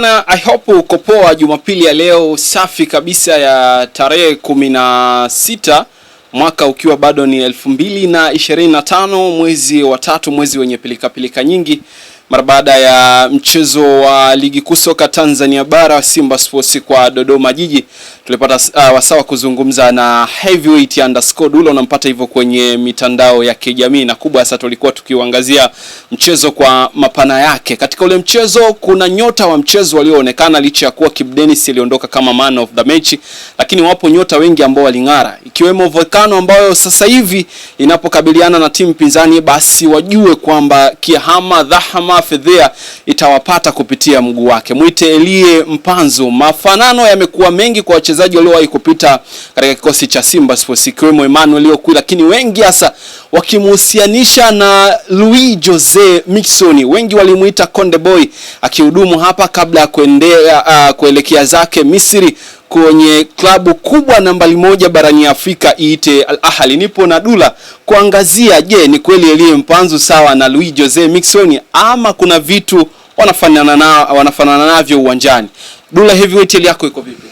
Bana, I hope uko poa. Jumapili ya leo safi kabisa ya tarehe kumi na sita mwaka ukiwa bado ni elfu mbili na ishirini na tano mwezi wa tatu, mwezi wenye pilikapilika -pilika nyingi mara baada ya mchezo wa ligi kuu soka Tanzania bara Simba Sports kwa Dodoma Jiji, tulipata uh, wasawa kuzungumza na Heavyweight underscore Dulla. Unampata hivyo kwenye mitandao ya kijamii, na kubwa sasa tulikuwa tukiuangazia mchezo kwa mapana yake. Katika ule mchezo kuna nyota wa mchezo walioonekana, licha ya kuwa Kibu Denis aliondoka kama man of the match, lakini wapo nyota wengi ambao waling'ara, ikiwemo Volcano ambayo sasa hivi inapokabiliana na timu pinzani, basi wajue kwamba kihama dhahama kama fedhea itawapata kupitia mguu wake. Mwite Elie Mpanzu. Mafanano yamekuwa mengi kwa wachezaji waliowahi kupita katika kikosi cha Simba Sports, ikiwemo Emmanuel Okwi, lakini wengi hasa wakimhusianisha na Luis Jose Miquissone. Wengi walimuita Konde Boy akihudumu hapa kabla ya kuendea uh, kuelekea zake Misri kwenye klabu kubwa nambari moja barani Afrika iite Al Ahly. Nipo na Dula kuangazia, je, ni kweli Elie Mpanzu sawa na Luis Jose Miquissone ama kuna vitu wanafanana na wanafanana navyo uwanjani? Dula Heavyweight, hali yako iko vipi?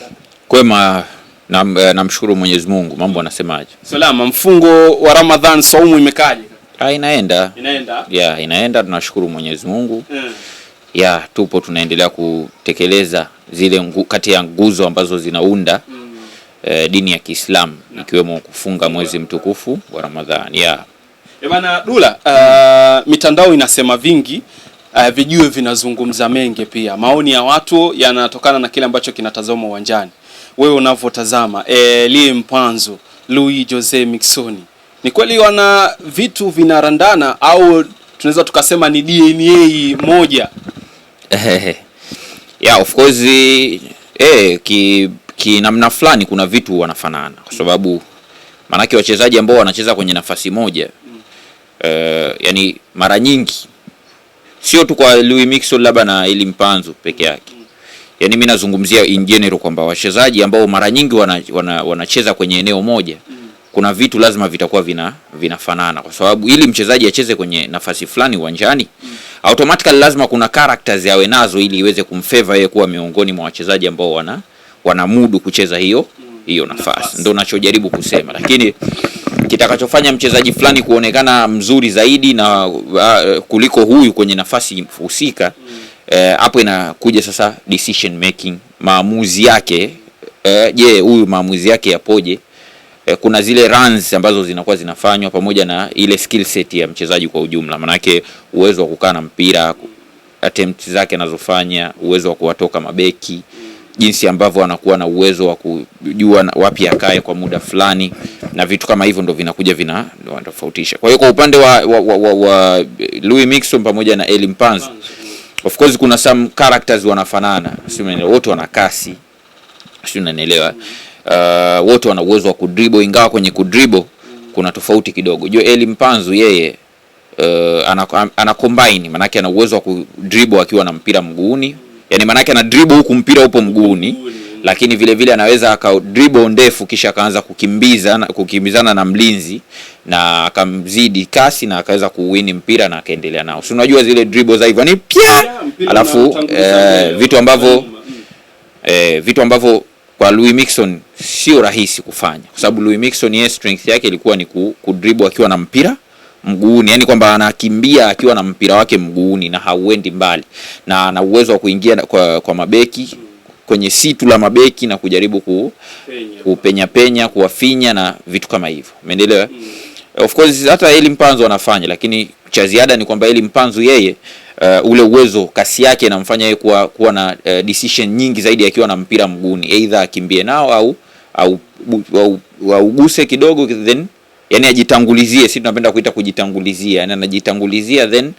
Kwema, eh, namshukuru na Mwenyezi Mungu. Mambo anasemaje? Salama. Mfungo wa Ramadhan saumu imekaje? Ha, ah, inaenda inaenda, yeah, inaenda. Tunashukuru Mwenyezi Mungu yeah. Yeah, tupo tunaendelea kutekeleza zile ngu, kati ya nguzo ambazo zinaunda mm. e, dini ya Kiislamu ikiwemo kufunga mwezi mtukufu wa Ramadhani yeah. E bana Dula, uh, mitandao inasema vingi uh, ah, vijue vinazungumza mengi pia. Maoni ya watu yanatokana na kile ambacho kinatazama uwanjani. Wewe unavyotazama eh, Elie Mpanzu, Louis Jose Miquissone, ni kweli wana vitu vinarandana au tunaweza tukasema ni DNA moja? yeah, of course eh, ki, ki namna fulani kuna vitu wanafanana kwa sababu maanake wachezaji ambao wanacheza kwenye nafasi moja uh, yani mara nyingi sio tu kwa Louis Mixon labda na ili Mpanzu peke yake. Yani mimi nazungumzia in general kwamba wachezaji ambao mara nyingi wanacheza wana, wana kwenye eneo moja kuna vitu lazima vitakuwa vina, vinafanana kwa sababu ili mchezaji acheze kwenye nafasi fulani uwanjani mm automatically lazima kuna characters yawe nazo ili iweze kumfeva yeye kuwa miongoni mwa wachezaji ambao wana wanamudu kucheza hiyo hiyo nafasi. Ndio nachojaribu kusema, lakini kitakachofanya mchezaji fulani kuonekana mzuri zaidi na uh, kuliko huyu kwenye nafasi husika eh, hapo, uh, inakuja sasa decision making, maamuzi yake. Eh, je, uh, yeah, huyu maamuzi yake yapoje? Eh, kuna zile runs ambazo zinakuwa zinafanywa pamoja na ile skill set ya mchezaji kwa ujumla, manake uwezo wa kukaa na mpira, attempt zake anazofanya, uwezo wa kuwatoka mabeki, jinsi ambavyo anakuwa na uwezo wa kujua wapi akae kwa muda fulani, na vitu kama hivyo ndo vinakuja vinatofautisha. Kwa hiyo kwa upande wa, wa, wa, wa, wa Louis Mixon pamoja na Elie Mpanzu Of course kuna some characters wanafanana, sio wote wana kasi, sio unanielewa? uh, wote wana uwezo wa kudribo, ingawa kwenye kudribo kuna tofauti kidogo. Eli Mpanzu yeye uh, ana, combine manake ana uwezo wa kudribo akiwa na mpira mguuni, yani manake ana dribo huku mpira upo mguuni, lakini vile vile anaweza aka akadribo ndefu kisha akaanza kukimbiza na kukimbizana na mlinzi na akamzidi kasi na akaweza kuwini mpira na akaendelea nao, si unajua zile dribo za hivyo ni pia, alafu eh, mm. eh, vitu ambavyo eh, vitu ambavyo kwa Louis Mixon sio rahisi kufanya, kwa sababu Louis Mixon yeye strength yake ilikuwa ni kudribble akiwa na mpira mguuni, yani kwamba anakimbia akiwa na mpira wake mguuni na hauendi mbali, na ana uwezo wa kuingia kwa, kwa mabeki kwenye situ la mabeki na kujaribu ku, kupenya penya kuwafinya na vitu kama hivyo, umeelewa? Mm. Of course hata Eli Mpanzu anafanya, lakini cha ziada ni kwamba Eli Mpanzu yeye uh, ule uwezo kasi yake inamfanya yeye kuwa, kuwa na uh, decision nyingi zaidi akiwa na mpira mguuni, either akimbie nao au au auguse au, kidogo then yani ajitangulizie, si tunapenda kuita kujitangulizia, yani anajitangulizia then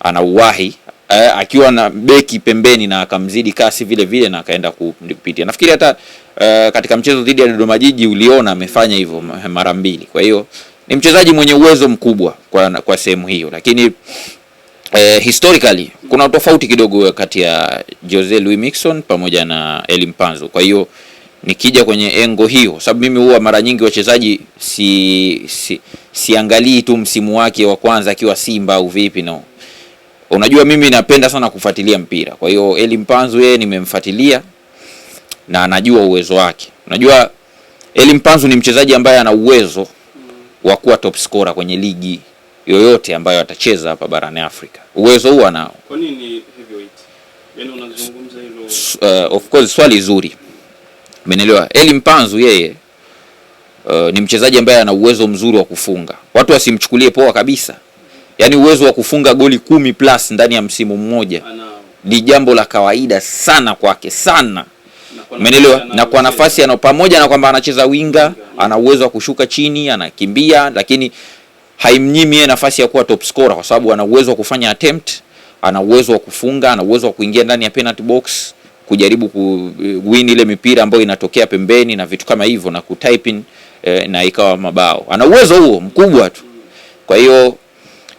anauwahi uh, akiwa na beki pembeni na akamzidi kasi vile vile na akaenda kupitia. Nafikiri hata uh, katika mchezo dhidi ya Dodoma Jiji uliona amefanya hivyo mara mbili, kwa hiyo ni mchezaji mwenye uwezo mkubwa kwa, kwa sehemu hiyo, lakini eh, historically kuna tofauti kidogo kati ya Jose Luis Mixon pamoja na Elim Kwa hiyo nikija kwenye engo hiyo, sababu mimi huwa mara nyingi wachezaji si, si, siangalii tu msimu wake wa kwanza akiwa Simba au vipi, no. Unajua mimi napenda sana kufuatilia mpira, kwa hiyo Elim yeye nimemfuatilia na anajua uwezo wake. Unajua Elim ni mchezaji ambaye ana uwezo wa kuwa top scorer kwenye ligi yoyote ambayo atacheza hapa barani Afrika. Uwezo huo anao. Kwa nini yaani unazungumza hilo. Uh, of course swali zuri. Umeelewa? Eli Mpanzu yeye uh, ni mchezaji ambaye ana uwezo mzuri wa kufunga. Watu wasimchukulie poa kabisa. Yaani uwezo wa kufunga goli kumi plus ndani ya msimu mmoja ni jambo la kawaida sana kwake sana Umeelewa? Na kwa nafasi ana pamoja na kwamba anacheza winga, ana uwezo wa kushuka chini, anakimbia, lakini haimnyimi yeye nafasi ya kuwa top scorer kwa sababu ana uwezo wa kufanya attempt, ana uwezo wa kufunga, ana uwezo wa kuingia ndani ya penalty box, kujaribu kuwin eh, ile mipira ambayo inatokea pembeni na vitu kama hivyo na kutype in eh, na ikawa mabao. Ana uwezo huo mkubwa tu. Kwa hiyo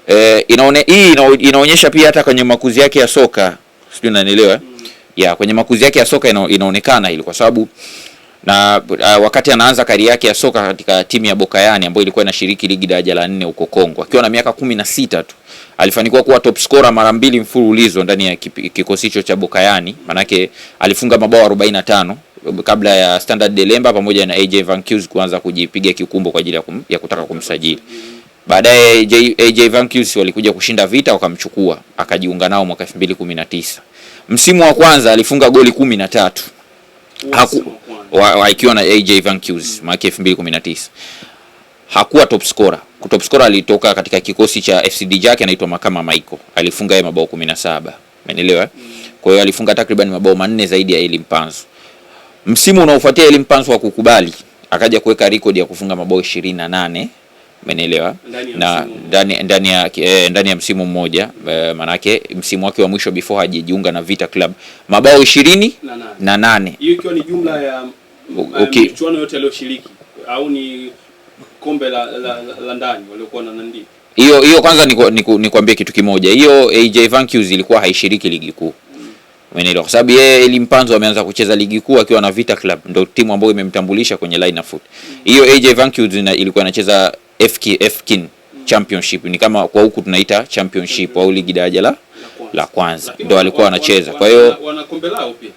eh, inaone hii inaonyesha pia hata kwenye makuzi yake ya soka, sijui unanielewa. Eh? ya kwenye makuzi yake ya soka ino, inaonekana hili kwa sababu na uh, wakati anaanza kari yake ya soka katika timu ya Bokayani ambayo ilikuwa inashiriki ligi daraja la nne huko Kongo akiwa na miaka kumi na sita tu alifanikiwa kuwa top scorer mara mbili mfululizo ndani ya kikosi hicho cha Bokayani, manake alifunga mabao 45 kabla ya Standard Delemba pamoja na AJ Van Kuys kuanza kujipiga kikumbo kwa ajili ya, kum, ya kutaka kumsajili. Baadaye AJ Van Kuys walikuja kushinda vita wakamchukua, akajiunga nao mwaka 2019 msimu wa kwanza alifunga goli kumi na tatu ikiwa na AJ Van Kues mwaka 2019 hakuwa top scorer. Top scorer alitoka katika kikosi cha fcd jake anaitwa Makama Michael, alifunga yeye mabao 17. Umeelewa? Mm. Kwa hiyo alifunga takriban mabao manne zaidi ya Eli Mpanzu. Msimu unaofuatia Eli Mpanzu hakukubali, akaja kuweka rekodi ya kufunga mabao 28 umeelewa Na ndani ndani ya eh, ndani ya msimu mmoja eh, manake msimu wake wa mwisho before hajijiunga na Vita Club mabao ishirini na nane. Hiyo ikiwa ni jumla ya okay, eh, michuano yote aliyoshiriki au ni kombe la, la, la, la ndani waliokuwa na nandi hiyo hiyo. Kwanza nikuambie ni, ni, kitu kimoja, hiyo AJ Vancus ilikuwa haishiriki ligi kuu kwa sababu yeye Elimpanzo ameanza kucheza ligi kuu akiwa na Vita Club, ndio timu ambayo imemtambulisha kwenye line of foot. Hiyo AJ Vancus ilikuwa inacheza FK, championship ni kama kwa huku tunaita championship au ligi daraja la la kwanza, ndio walikuwa wanacheza. Kwa hiyo wana kombe lao pia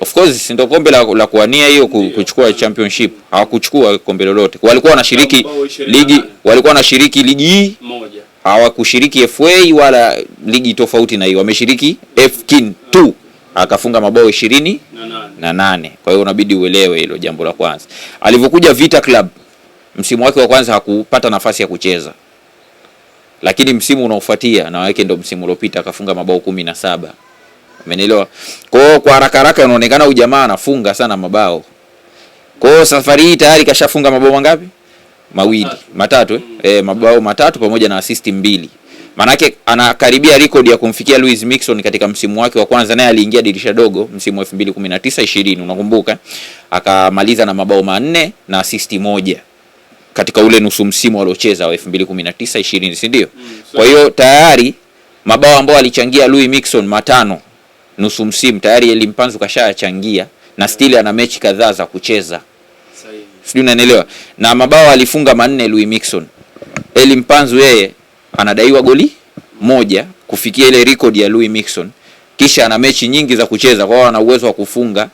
Of course ndio kombe la, la kuania hiyo kuchukua championship. Hawakuchukua kombe lolote, walikuwa wanashiriki ligi, walikuwa wanashiriki ligi hii moja, hawakushiriki FA wala ligi tofauti na hiyo, wameshiriki FKIN tu, akafunga mabao ishirini na nane. Kwa hiyo unabidi uelewe hilo jambo la kwanza. Alivyokuja Vita Club msimu wake wa kwanza hakupata nafasi ya kucheza, lakini msimu unaofuatia na wake ndo msimu uliopita akafunga mabao kumi na saba. Umeelewa? Kwa hiyo kwa haraka haraka inaonekana huyu jamaa anafunga sana mabao. Kwa hiyo safari hii tayari kashafunga mabao mangapi? Mawili, matatu eh? Eh, mabao matatu pamoja na assist mbili. Maanake anakaribia record ya kumfikia Luis Mixon katika msimu wake wa kwanza, naye aliingia dirisha dogo msimu wa 2019 20, unakumbuka? Akamaliza na mabao manne na assist moja katika ule nusu msimu waliocheza wa 2019 20, si ndio? Mm, kwa hiyo tayari mabao ambao alichangia Louis Mixon matano nusu msimu tayari Elimpanzu kashayachangia na stili ana mechi kadhaa za kucheza. Sijui unanielewa? Na mabao alifunga manne Louis Mixon. Elimpanzu yeye anadaiwa goli moja kufikia ile record ya Louis Mixon. Kisha ana mechi nyingi za kucheza, kwa hiyo ana uwezo wa kufunga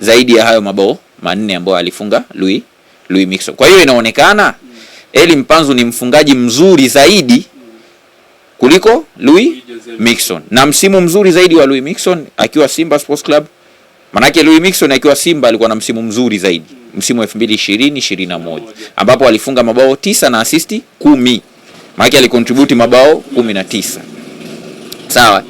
zaidi ya hayo mabao manne ambayo alifunga Louis Louis Mixon. Kwa hiyo inaonekana Eli Mpanzu ni mfungaji mzuri zaidi kuliko Louis Mixon na msimu mzuri zaidi wa Louis Mixon akiwa Simba Sports Club. Manake Louis Mixon akiwa Simba alikuwa na msimu mzuri zaidi msimu 2020 21 ambapo alifunga mabao tisa na asisti kumi. Manake alikontribute mabao kumi na tisa. Sawa.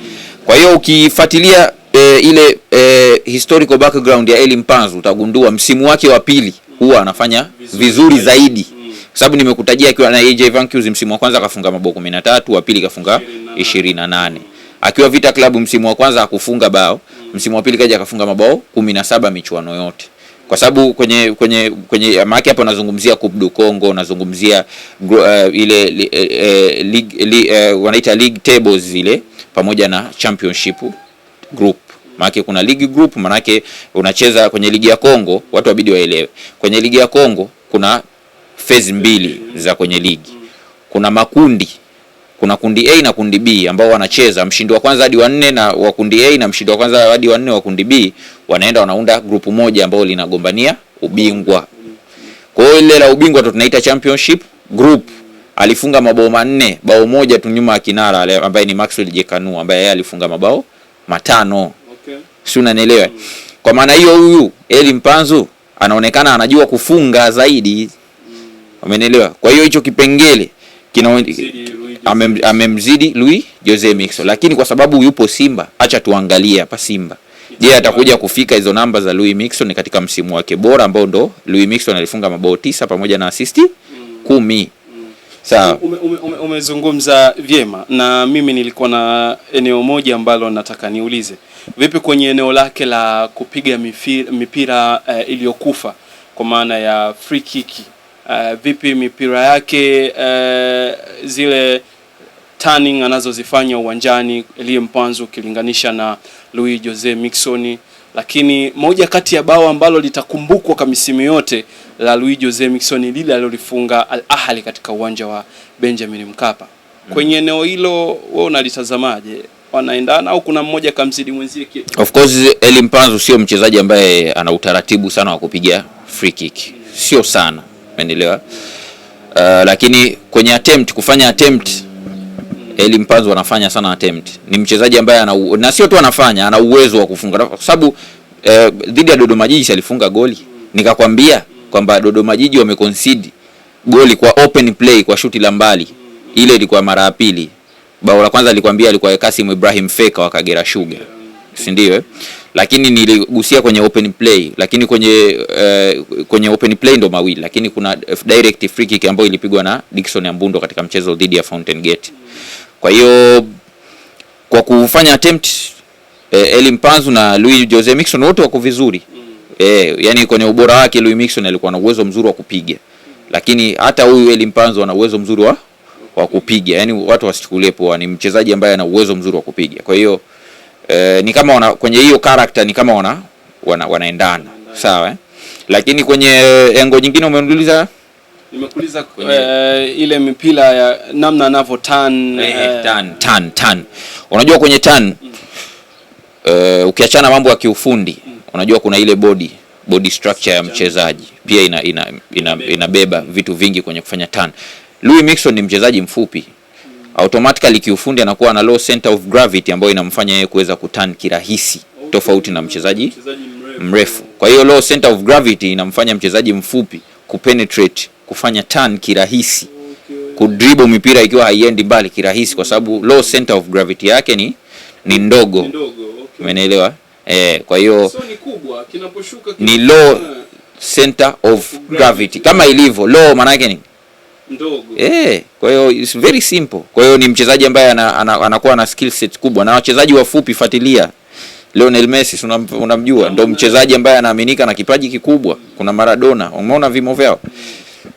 Kwa hiyo ukifuatilia e, ile e, historical background ya Eli Mpanzu utagundua msimu wake wa pili huwa anafanya vizuri zaidi kwa sababu nimekutajia akiwa na AJ Vancus msimu wa kwanza akafunga mabao 13, wa pili kafunga 28. Akiwa Vita Club msimu wa kwanza akufunga bao, msimu wa pili kaja akafunga mabao 17 michuano yote. Kwa sababu kwenye kwenye kwenye maki hapo nazungumzia Coupe du Congo, nazungumzia uh, ile li, uh, league li, uh, wanaita league tables zile pamoja na championship group Maanake kuna ligi group, maanake unacheza kwenye ligi ya Kongo, watu wabidi waelewe. Kwenye ligi ya Kongo kuna phase mbili za kwenye ligi. Kuna makundi, kuna kundi A na kundi B ambao wanacheza mshindi wa kwanza hadi wa nne na wa kundi A na mshindi wa kwanza hadi wa nne wa kundi B wanaenda wanaunda grupu moja ambao linagombania ubingwa. Kwa hiyo ile la ubingwa tu tunaita championship group alifunga mabao manne, bao moja tu nyuma ya kinara ambaye ni Maxwell Jekanu ambaye yeye alifunga mabao matano si unanielewa? Kwa maana hiyo huyu Eli Mpanzu anaonekana anajua kufunga zaidi, umenielewa? Kwa hiyo hicho kipengele kina amemzidi Luis Jose mixo lakini kwa sababu yupo Simba, acha tuangalie hapa Simba Je, atakuja kufika hizo namba za Louis ni katika msimu wake bora ambao ndo Louis mixo alifunga mabao tisa pamoja na asisti kumi. Sawa. Umezungumza ume, ume vyema na mimi nilikuwa na eneo moja ambalo nataka niulize. Vipi kwenye eneo lake la kupiga mipira, mipira uh, eh, iliyokufa kwa maana ya free kick uh, vipi mipira yake uh, zile turning anazozifanya uwanjani Elie Mpanzu ukilinganisha na Louis Jose Mixon. Lakini moja kati ya bao ambalo litakumbukwa kwa misimu yote la Louis Jose Mixon lile alilofunga Al Ahly katika uwanja wa Benjamin Mkapa. Mm. Kwenye eneo hilo wewe unalitazamaje? wanaendana au kuna mmoja kamzidi mwenzie kitu. Of course Eli Mpanzu sio mchezaji ambaye ana utaratibu sana wa kupiga free kick, sio sana, umeelewa? Uh, lakini kwenye attempt kufanya attempt Eli Mpanzu anafanya sana attempt. Ni mchezaji ambaye ana na sio tu anafanya, ana uwezo wa kufunga kwa sababu eh, dhidi ya Dodoma Jiji alifunga goli. Nikakwambia kwamba Dodoma Jiji wameconcede goli kwa open play kwa shuti la mbali. Ile ilikuwa mara ya pili bao la kwanza alikwambia alikuwa Kasim Ibrahim Feka wa Kagera Sugar, si ndio eh? Lakini niligusia kwenye open play, lakini kwenye uh, kwenye open play ndo mawili, lakini kuna direct free kick ambayo ilipigwa na Dickson Ambundo katika mchezo dhidi ya Fountain Gate. Kwa hiyo kwa kufanya attempt eh, Eli Mpanzu na Louis Jose Mixon wote wako vizuri eh, yani kwenye ubora wake Louis Mixon alikuwa na uwezo mzuri wa kupiga, lakini hata huyu Eli Mpanzu ana uwezo mzuri wa wa kupiga. Yani watu wasichukulie poa, ni mchezaji ambaye ana uwezo mzuri wa kupiga. Kwa hiyo eh, ni kama wana, kwenye hiyo character ni kama wana, wanaendana wana sawa eh? Lakini kwenye eh, engo nyingine umeniuliza nimekuuliza uh, ile mipira ya namna anavyo turn, eh, uh, turn, turn, turn. Unajua kwenye turn mm. uh, ukiachana mambo ya kiufundi mm. unajua kuna ile body body structure ya mchezaji pia ina, ina, ina, ina vitu vingi kwenye kufanya turn Louis Mixon ni mchezaji mfupi automatically kiufundi anakuwa na low center of gravity ambayo inamfanya yeye kuweza kutan kirahisi tofauti na mchezaji mrefu. Kwa hiyo low center of gravity inamfanya mchezaji mfupi kupenetrate, kufanya turn kirahisi, kudribble mipira ikiwa haiendi mbali kirahisi, kwa sababu low center of gravity yake ni ni ndogo, umenielewa? Eh, kwa hiyo ni low center of gravity kama ilivyo low, maana yake ni ndogo eh. Kwa hiyo it's very simple. Kwa hiyo ni mchezaji ambaye ana, ana, anakuwa na skill set kubwa, na wachezaji wafupi, fuatilia Lionel Messi unam, unamjua ndo mchezaji ambaye anaaminika na kipaji kikubwa. Kuna Maradona, umeona vimo vyao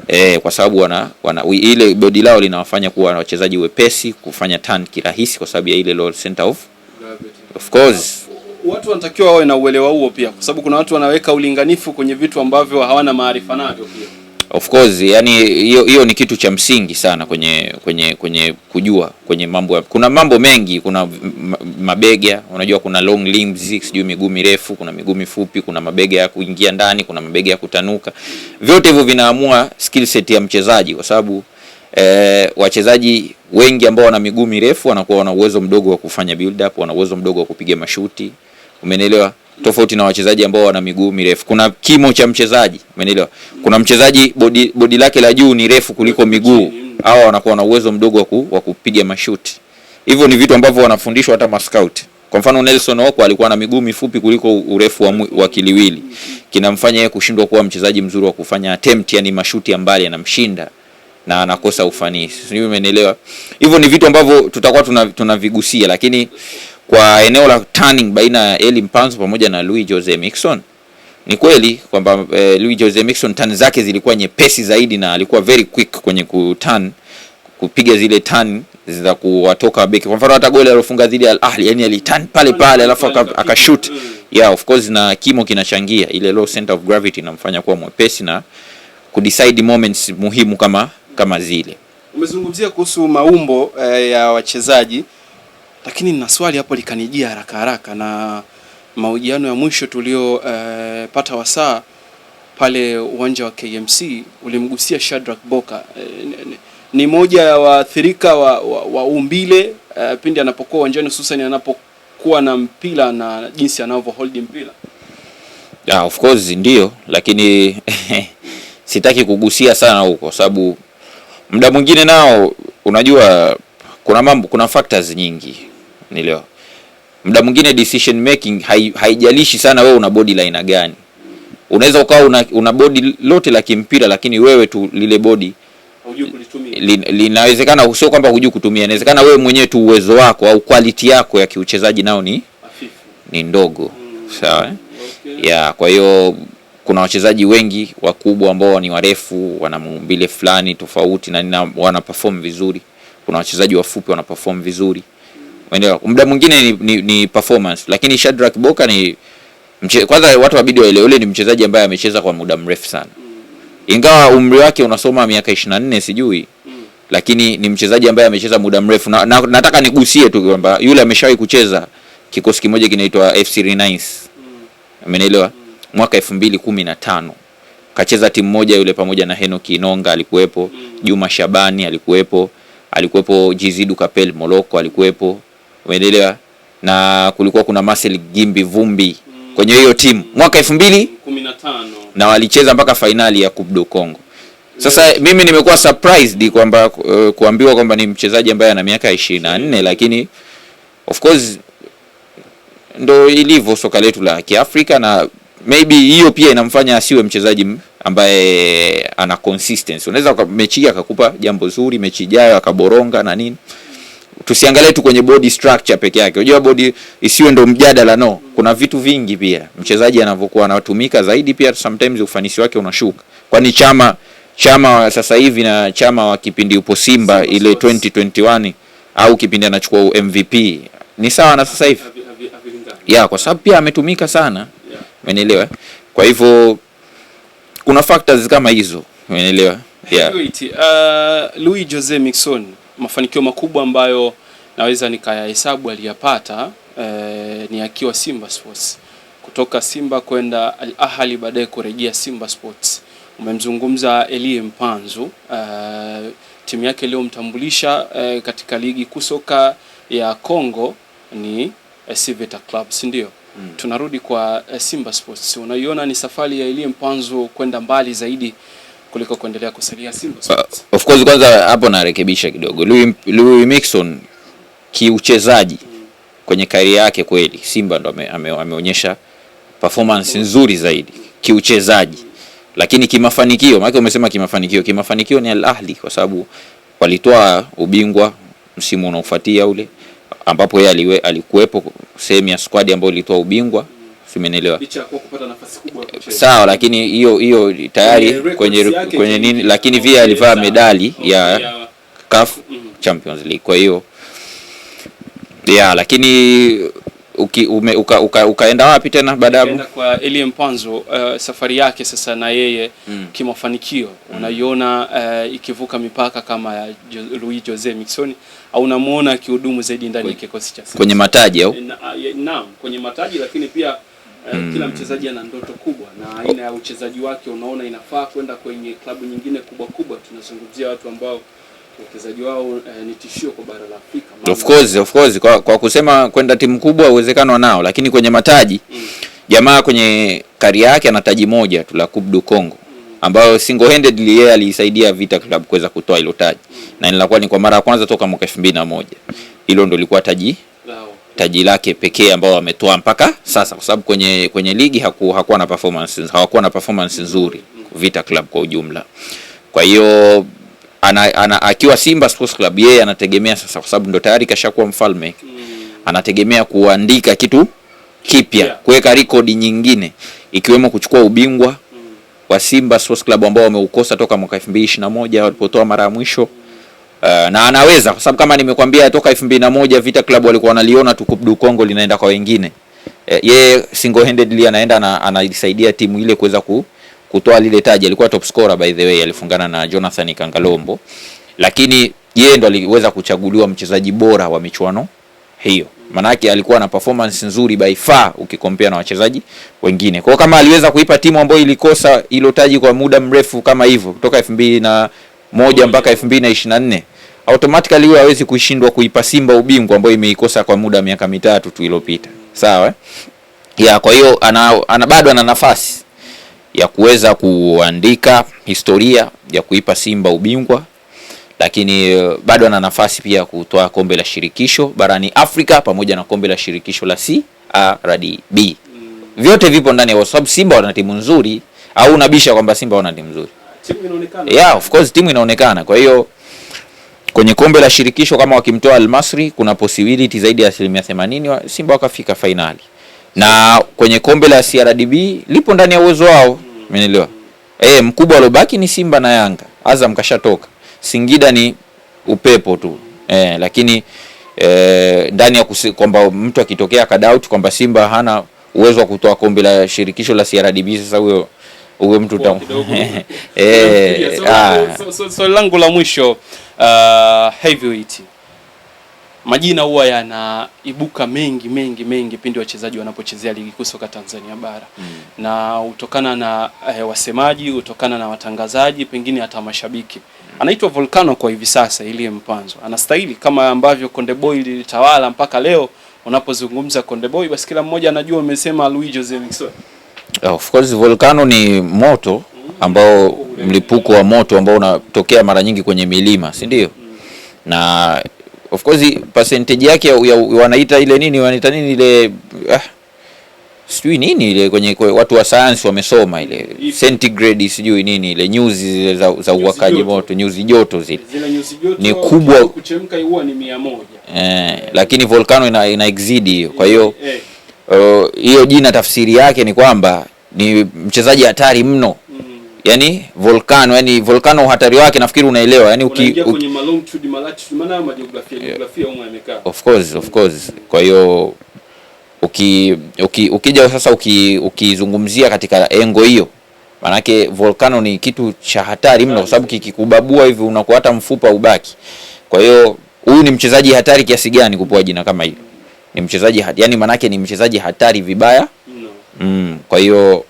eh, kwa sababu wana, wana we, ile body lao linawafanya kuwa na wachezaji wepesi kufanya turn kirahisi, kwa sababu ya ile low center of gravity. of course watu wanatakiwa wawe na uelewa huo pia, kwa sababu kuna watu wanaweka ulinganifu kwenye vitu ambavyo hawana maarifa navyo pia. Of course yani hiyo hiyo ni kitu cha msingi sana kwenye kwenye kwenye kujua kwenye mambo kuna mambo mengi, kuna mabega, unajua kuna long limbs, sijui miguu mirefu, kuna miguu mifupi, kuna mabega ya kuingia ndani, kuna mabega ya kutanuka. Vyote hivyo vinaamua skill set ya mchezaji, kwa sababu e, wachezaji wengi ambao wana miguu mirefu wanakuwa wana uwezo mdogo wa kufanya build up, wana uwezo mdogo wa kupiga mashuti, umeelewa? tofauti na wachezaji ambao wana miguu mirefu. Kuna kimo cha mchezaji, umeelewa? Kuna mchezaji bodi, bodi lake la juu ni refu kuliko miguu, hawa wanakuwa na uwezo mdogo wa wa kupiga mashuti. Hivyo ni vitu ambavyo wanafundishwa hata mascout. Kwa mfano Nelson Okwa alikuwa na miguu mifupi kuliko urefu wa, wa kiliwili, kinamfanya yeye kushindwa kuwa mchezaji mzuri wa kufanya attempt, yani mashuti ya mbali yanamshinda na anakosa ufanisi. Sijui umenielewa. Hivyo ni vitu ambavyo tutakuwa tunavigusia tuna lakini kwa eneo la turning baina ya Eli Mpanzu pamoja na Louis Jose Mixon. Ni kweli kwamba eh, Louis Jose Mixon turn zake zilikuwa nyepesi zaidi na alikuwa very quick kwenye kuturn kupiga zile turn za kuwatoka beki. Kwa mfano hata goli alofunga dhidi ya Al Ahli, yani aliturn pale pale alafu akashoot. Yeah, of course na kimo kinachangia ile low center of gravity inamfanya kuwa mwepesi na kudecide moments muhimu kama kama zile. Umezungumzia kuhusu maumbo eh, ya wachezaji lakini na swali hapo likanijia haraka haraka, na mahojiano ya mwisho tuliopata eh, wasaa pale uwanja wa KMC ulimgusia Shadrack Boka eh, ni moja ya waathirika wa, wa, wa umbile uh, eh, pindi anapokuwa uwanjani, hususan anapokuwa na mpira na jinsi anavyo hold mpira. Yeah, of course ndio, lakini sitaki kugusia sana huko sababu muda mwingine nao unajua kuna mambo, kuna factors nyingi Nielewa. Muda mwingine decision making hai, haijalishi sana wewe una body la aina gani. Unaweza ukawa una, una body lote la kimpira lakini wewe tu lile body linawezekana li, sio kwamba hujui kutumia, inawezekana wewe mwenyewe tu uwezo wako au quality yako ya kiuchezaji nao ni Afifu. ni ndogo. Mm. Sawa. Eh? Okay. Yeah, kwa hiyo kuna wachezaji wengi wakubwa ambao ni warefu, wana maumbile fulani tofauti na wana perform vizuri. Kuna wachezaji wafupi wana perform vizuri. Unaelewa? Muda mwingine ni, ni, ni performance lakini Shadrack Boka ni mche, kwanza watu wabidi waelewe yule ni mchezaji ambaye amecheza kwa muda mrefu sana. Ingawa umri wake unasoma miaka 24 sijui. Lakini ni mchezaji ambaye amecheza muda mrefu na, na, nataka nigusie tu kwamba yule ameshawahi kucheza kikosi kimoja kinaitwa FC Renais. Amenielewa? Mwaka 2015 kacheza timu moja yule pamoja na heno kinonga alikuwepo, Juma Shabani alikuwepo, alikuwepo Jizidu Kapel Moloko alikuwepo umeelewa? Na kulikuwa kuna Marcel Gimbi Vumbi kwenye hiyo timu mwaka 2015 na walicheza mpaka fainali ya Coupe du Congo. Sasa mimi nimekuwa surprised kwamba eh, kuambiwa kwamba ni mchezaji ambaye ana miaka 24 lakini of course ndo ilivyo soka letu la Kiafrika na maybe hiyo pia inamfanya asiwe mchezaji ambaye ana consistency. Unaweza mechi hii akakupa jambo zuri, mechi ijayo akaboronga na nini tusiangalie tu kwenye body structure peke yake. Unajua body isiwe ndo mjadala, no. Kuna vitu vingi pia mchezaji anavyokuwa anatumika zaidi, pia sometimes ufanisi wake unashuka, kwani chama chama sasa hivi na chama wa kipindi upo Simba ile 2021 au kipindi anachukua MVP ni sawa na sasa hivi ya, kwa sababu pia ametumika sana, umeelewa? Kwa hivyo kuna factors kama hizo, umeelewa? Yeah. Uh, Louis Jose Mixon mafanikio makubwa ambayo naweza nikayahesabu aliyapata e, ni akiwa Simba Sports kutoka Simba kwenda Al Ahli baadaye kurejea Simba Sports. Umemzungumza Elie Mpanzu e, timu yake iliyomtambulisha e, katika ligi kuu soka ya Kongo ni Civita Club, si ndio? Hmm. Tunarudi kwa Simba Sports, unaiona ni safari ya Elie Mpanzu kwenda mbali zaidi kuliko kuendelea kusalia single Uh, of course kwanza hapo narekebisha kidogo. Louis, Louis Mixon kiuchezaji kwenye kari yake kweli Simba ndo ameonyesha ame, performance nzuri zaidi kiuchezaji lakini kimafanikio, maana umesema kimafanikio, kimafanikio ni Al Ahli kwa sababu walitoa ubingwa msimu unaofuatia ule ambapo yeye alikuwepo sehemu ya squad ambayo ilitoa ubingwa simenielewa sawa, lakini hiyo hiyo tayari kwenye kwenye nini, lakini via alivaa medali ya CAF mm-hmm. Champions League, kwa hiyo ya lakini Uki, ume, uka, uka, ukaenda wapi tena baadaye kwa Elie Mpanzo uh, safari yake sasa na yeye mm. kimafanikio mm. unaiona uh, ikivuka mipaka kama ya Luis Jose Miquissone au unamuona akihudumu zaidi ndani ya kikosi cha kwenye mataji au uh, naam kwenye mataji lakini pia mm. Kila mchezaji ana ndoto kubwa na aina ya uchezaji wake unaona inafaa kwenda kwenye klabu nyingine kubwa kubwa. Tunazungumzia watu ambao wachezaji wao eh, ni tishio kwa bara la Afrika. Mama, Of course, of course kwa, kwa kusema kwenda timu kubwa uwezekano nao, lakini kwenye mataji mm. jamaa kwenye kari yake ana taji moja tu la Coupe du Congo mm. ambayo single handedly yeye aliisaidia Vita Club kuweza kutoa hilo taji mm. na inakuwa ni kwa mara ya kwanza toka mwaka 2001 hilo ndio lilikuwa taji taji lake pekee ambao wametoa mpaka sasa, kwa sababu kwenye, kwenye ligi haku, hakuwa na performance, hawakuwa na performance nzuri Vita Club kwa ujumla. Kwa hiyo ana, ana, akiwa Simba Sports Club yeye anategemea sasa, kwa sababu ndo tayari kashakuwa mfalme, anategemea kuandika kitu kipya, kuweka rekodi nyingine, ikiwemo kuchukua ubingwa wa Simba Sports Club ambao wameukosa toka mwaka 2021 walipotoa mara ya mwisho. Uh, na anaweza kwa sababu kama nimekwambia toka elfu mbili na moja Vita Club walikuwa wanaliona tu Coupe kongo linaenda kwa wengine. uh, yeye single handedly anaenda na anaisaidia timu ile kuweza ku, kutoa lile taji. Alikuwa top scorer by the way, alifungana na Jonathan Kangalombo, lakini yeye ndo aliweza kuchaguliwa mchezaji bora wa michuano hiyo, manake alikuwa na performance nzuri by far ukikompea na wachezaji wengine. Kwa kama aliweza kuipa timu ambayo ilikosa ilotaji kwa muda mrefu kama hivyo toka elfu mbili na moja mpaka elfu mbili na ishirini nne automatically huyo hawezi kushindwa kuipa Simba ubingwa ambayo imeikosa kwa muda wa miaka mitatu tu iliyopita, sawa eh? ya. Kwa hiyo ana, ana bado ana nafasi ya kuweza kuandika historia ya kuipa Simba ubingwa, lakini eh, bado ana nafasi pia ya kutoa kombe la shirikisho barani Afrika pamoja na kombe la shirikisho la CRDB. Vyote vipo ndani, kwa sababu Simba wana timu nzuri, au unabisha kwamba Simba wana timu nzuri? Timu inaonekana, yeah, of course timu inaonekana, kwa hiyo Kwenye kombe la shirikisho kama wakimtoa Almasri kuna possibility zaidi ya asilimia themanini Simba wakafika fainali, na kwenye kombe la CRDB lipo ndani ya uwezo wao, umeelewa? Eh, mkubwa aliobaki ni Simba na Yanga. Azam kashatoka, Singida ni upepo tu e, lakini eh, ndani ya kwamba mtu akitokea akadoubt kwamba Simba hana uwezo wa kutoa kombe la shirikisho la CRDB, sasa huyo uwe mtu utam. Eh, ah. swali langu la mwisho uh, Heavyweight majina huwa yanaibuka mengi mengi mengi pindi wachezaji wanapochezea ligi kuu soka Tanzania bara mm. na utokana na eh, wasemaji utokana na watangazaji, pengine hata mashabiki mm. anaitwa Volcano kwa hivi sasa, ili Mpanzo anastahili kama ambavyo Konde Boy lilitawala mpaka leo. Unapozungumza Konde Boy, basi kila mmoja anajua umesema Luis Jose Miquissone. Eh, of course volcano ni moto ambao mlipuko wa moto ambao unatokea mara nyingi kwenye milima, si ndio? Na of course percentage yake ya, wanaita ile nini wanaita nini ile ah, sijui nini ile kwenye kwe, watu wa sayansi wamesoma ile centigrade sijui nini ile nyuzi zile za, za uwakaji moto nyuzi joto zile, ni kubwa kuchemka huwa ni 100 eh, lakini volcano ina, ina exceed hiyo, kwa hiyo eh, eh hiyo uh, jina tafsiri yake ni kwamba ni mchezaji hatari mno mm. Mm-hmm. Yani volcano, yani volcano uhatari wake nafikiri unaelewa, yani uki, uki... Yeah. Of course, of course. Kwa hiyo uki, uki, ukija sasa ukizungumzia uki katika engo hiyo, maanake volcano ni kitu cha hatari mno, kwa sababu kikikubabua hivi unakuwa hata mfupa ubaki. Kwa hiyo huyu ni mchezaji hatari kiasi gani kupewa jina kama hilo? ni mchezaji yani, manake ni mchezaji hatari vibaya no. Mm, kwa hiyo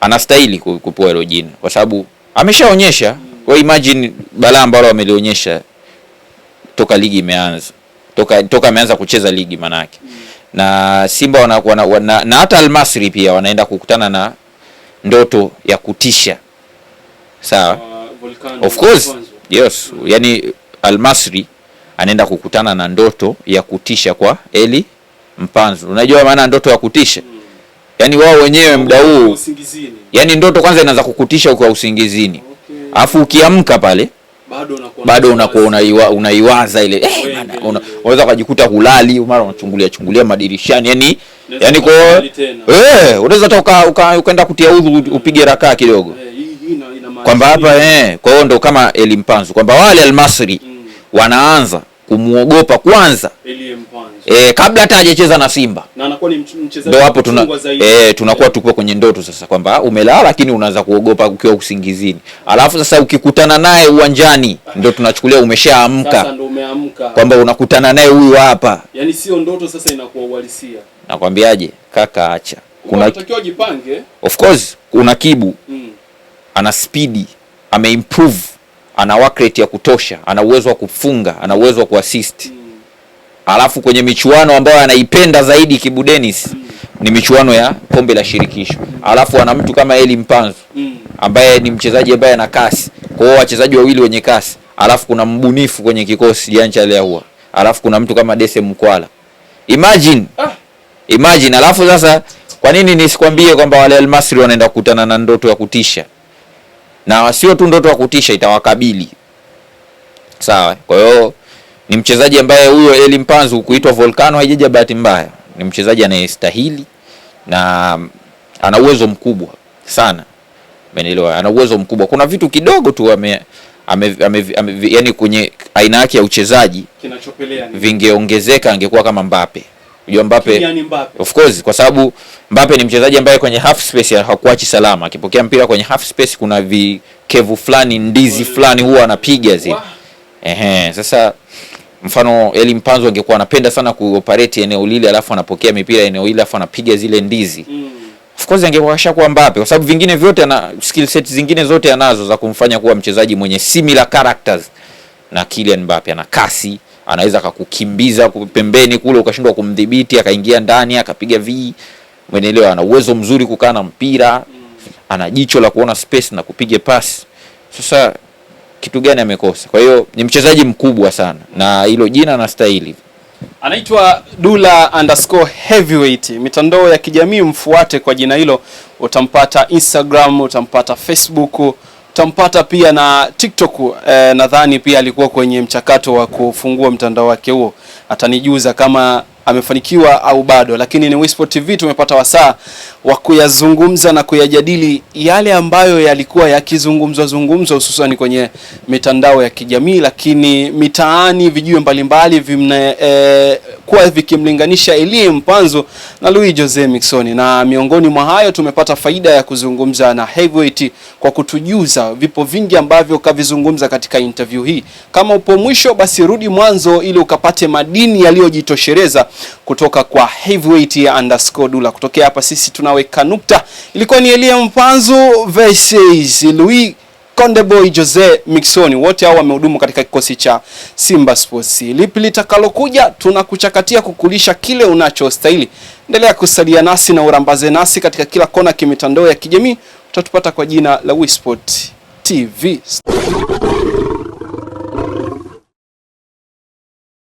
anastahili kupewa hilo jina kwa sababu ameshaonyesha mm. Wewe imagine balaa ambalo amelionyesha toka ligi imeanza toka toka ameanza kucheza ligi manake mm. na Simba wana, wana, wana, na hata Almasri pia wanaenda kukutana na ndoto ya kutisha sawa, uh, of course yes mm. Yani Almasri anaenda kukutana na ndoto ya kutisha kwa Eli Mpanzu. Unajua maana ndoto ya kutisha? Mm. Yaani wao wenyewe muda huu, yaani ndoto kwanza inaanza kukutisha ukiwa usingizini, alafu okay, ukiamka pale bado unakuwa unaiwa, unaiwaza ile eh, una, unaweza ukajikuta hulali, mara unachungulia chungulia madirishani, yani yani kwa eh, unaweza hata ukaenda kutia udhu upige rakaa kidogo, eh, kwamba hapa eh. Kwa hiyo ndo kama Elimpanzu kwamba wale Almasri mm wanaanza kumwogopa kwanza, e, kabla hata hajacheza na Simba ndo hapo tuna, e, tunakuwa tuko kwenye ndoto sasa kwamba umelala lakini unaanza kuogopa ukiwa usingizini, alafu sasa ukikutana naye uwanjani ndo tunachukulia umeshaamka kwamba unakutana naye huyu hapa. Yani sio ndoto sasa, inakuwa uhalisia. Nakwambiaje kaka, acha kuna, of course, kuna kibu mm. ana spidi ameimprove ana work rate ya kutosha, ana uwezo wa kufunga, ana uwezo wa kuassist. Alafu kwenye michuano ambayo anaipenda zaidi Kibu Dennis ni michuano ya kombe la shirikisho. Alafu ana mtu kama Eli Mpanzu ambaye ni mchezaji ambaye ana kasi. Kwa hiyo wachezaji wawili wenye kasi. Alafu kuna mbunifu kwenye kikosi Jancha Leahua. Alafu kuna mtu kama Dese Mkwala. Imagine. Ah. Imagine. Alafu sasa kwa nini nisikwambie kwamba wale Almasri wanaenda kukutana na ndoto ya kutisha? na wasio tu ndoto wa kutisha, itawakabili sawa. Kwa hiyo ni mchezaji ambaye huyo Eli Mpanzu kuitwa Volcano haijaja bahati mbaya, ni mchezaji anayestahili na ana uwezo mkubwa sana, menelewa Ana uwezo mkubwa, kuna vitu kidogo tu ame, ame, ame, ame, yani kwenye aina yake ya uchezaji vingeongezeka, angekuwa kama Mbappe. Unajua Mbappe, Mbappe. Of course kwa sababu Mbappe ni mchezaji ambaye kwenye half space hakuachi salama. Akipokea mpira kwenye half space kuna vikevu fulani, ndizi fulani huwa anapiga zile. Ehe, sasa mfano Eli Mpanzo angekuwa anapenda sana kuoperate eneo lile alafu anapokea mipira eneo lile alafu anapiga zile ndizi. Mm. Of course angekuwa kwa Mbappe kwa sababu vingine vyote ana skill set zingine zote anazo za kumfanya kuwa mchezaji mwenye similar characters na Kylian Mbappe, ana kasi anaweza akakukimbiza pembeni kule ukashindwa kumdhibiti, akaingia ndani akapiga vi. Umeelewa? Ana uwezo mzuri kukaa na mpira, ana jicho la kuona space na kupiga pasi. Sasa kitu gani amekosa? Kwa hiyo ni mchezaji mkubwa sana, na hilo jina anastahili. Anaitwa Dula underscore Heavyweight. Mitandao ya kijamii mfuate kwa jina hilo, utampata Instagram, utampata Facebook tampata pia na TikTok eh, nadhani pia alikuwa kwenye mchakato wa kufungua mtandao wake huo, atanijuza kama amefanikiwa au bado. Lakini ni Wispo TV tumepata wasaa wa kuyazungumza na kuyajadili yale ambayo yalikuwa yakizungumzwa zungumzwa hususan kwenye mitandao ya kijamii, lakini mitaani, vijue mbalimbali vimne eh, kuwa vikimlinganisha Elie Mpanzu na Louis Jose Miquissone. Na miongoni mwa hayo tumepata faida ya kuzungumza na Heavyweight kwa kutujuza vipo vingi ambavyo kavizungumza katika interview hii. Kama upo mwisho, basi rudi mwanzo ili ukapate madini yaliyojitoshereza kutoka kwa Heavyweight ya underscore dula. Kutokea hapa sisi tunaweka nukta. Ilikuwa ni Elie Mpanzu versus Louis Kondeboy Jose Mixon wote hao wamehudumu katika kikosi cha Simba Sports. Lipi litakalokuja, tunakuchakatia kukulisha kile unachostahili. Endelea kusalia nasi na urambaze nasi katika kila kona ya kimitandao ya kijamii, utatupata kwa jina la WeSport TV.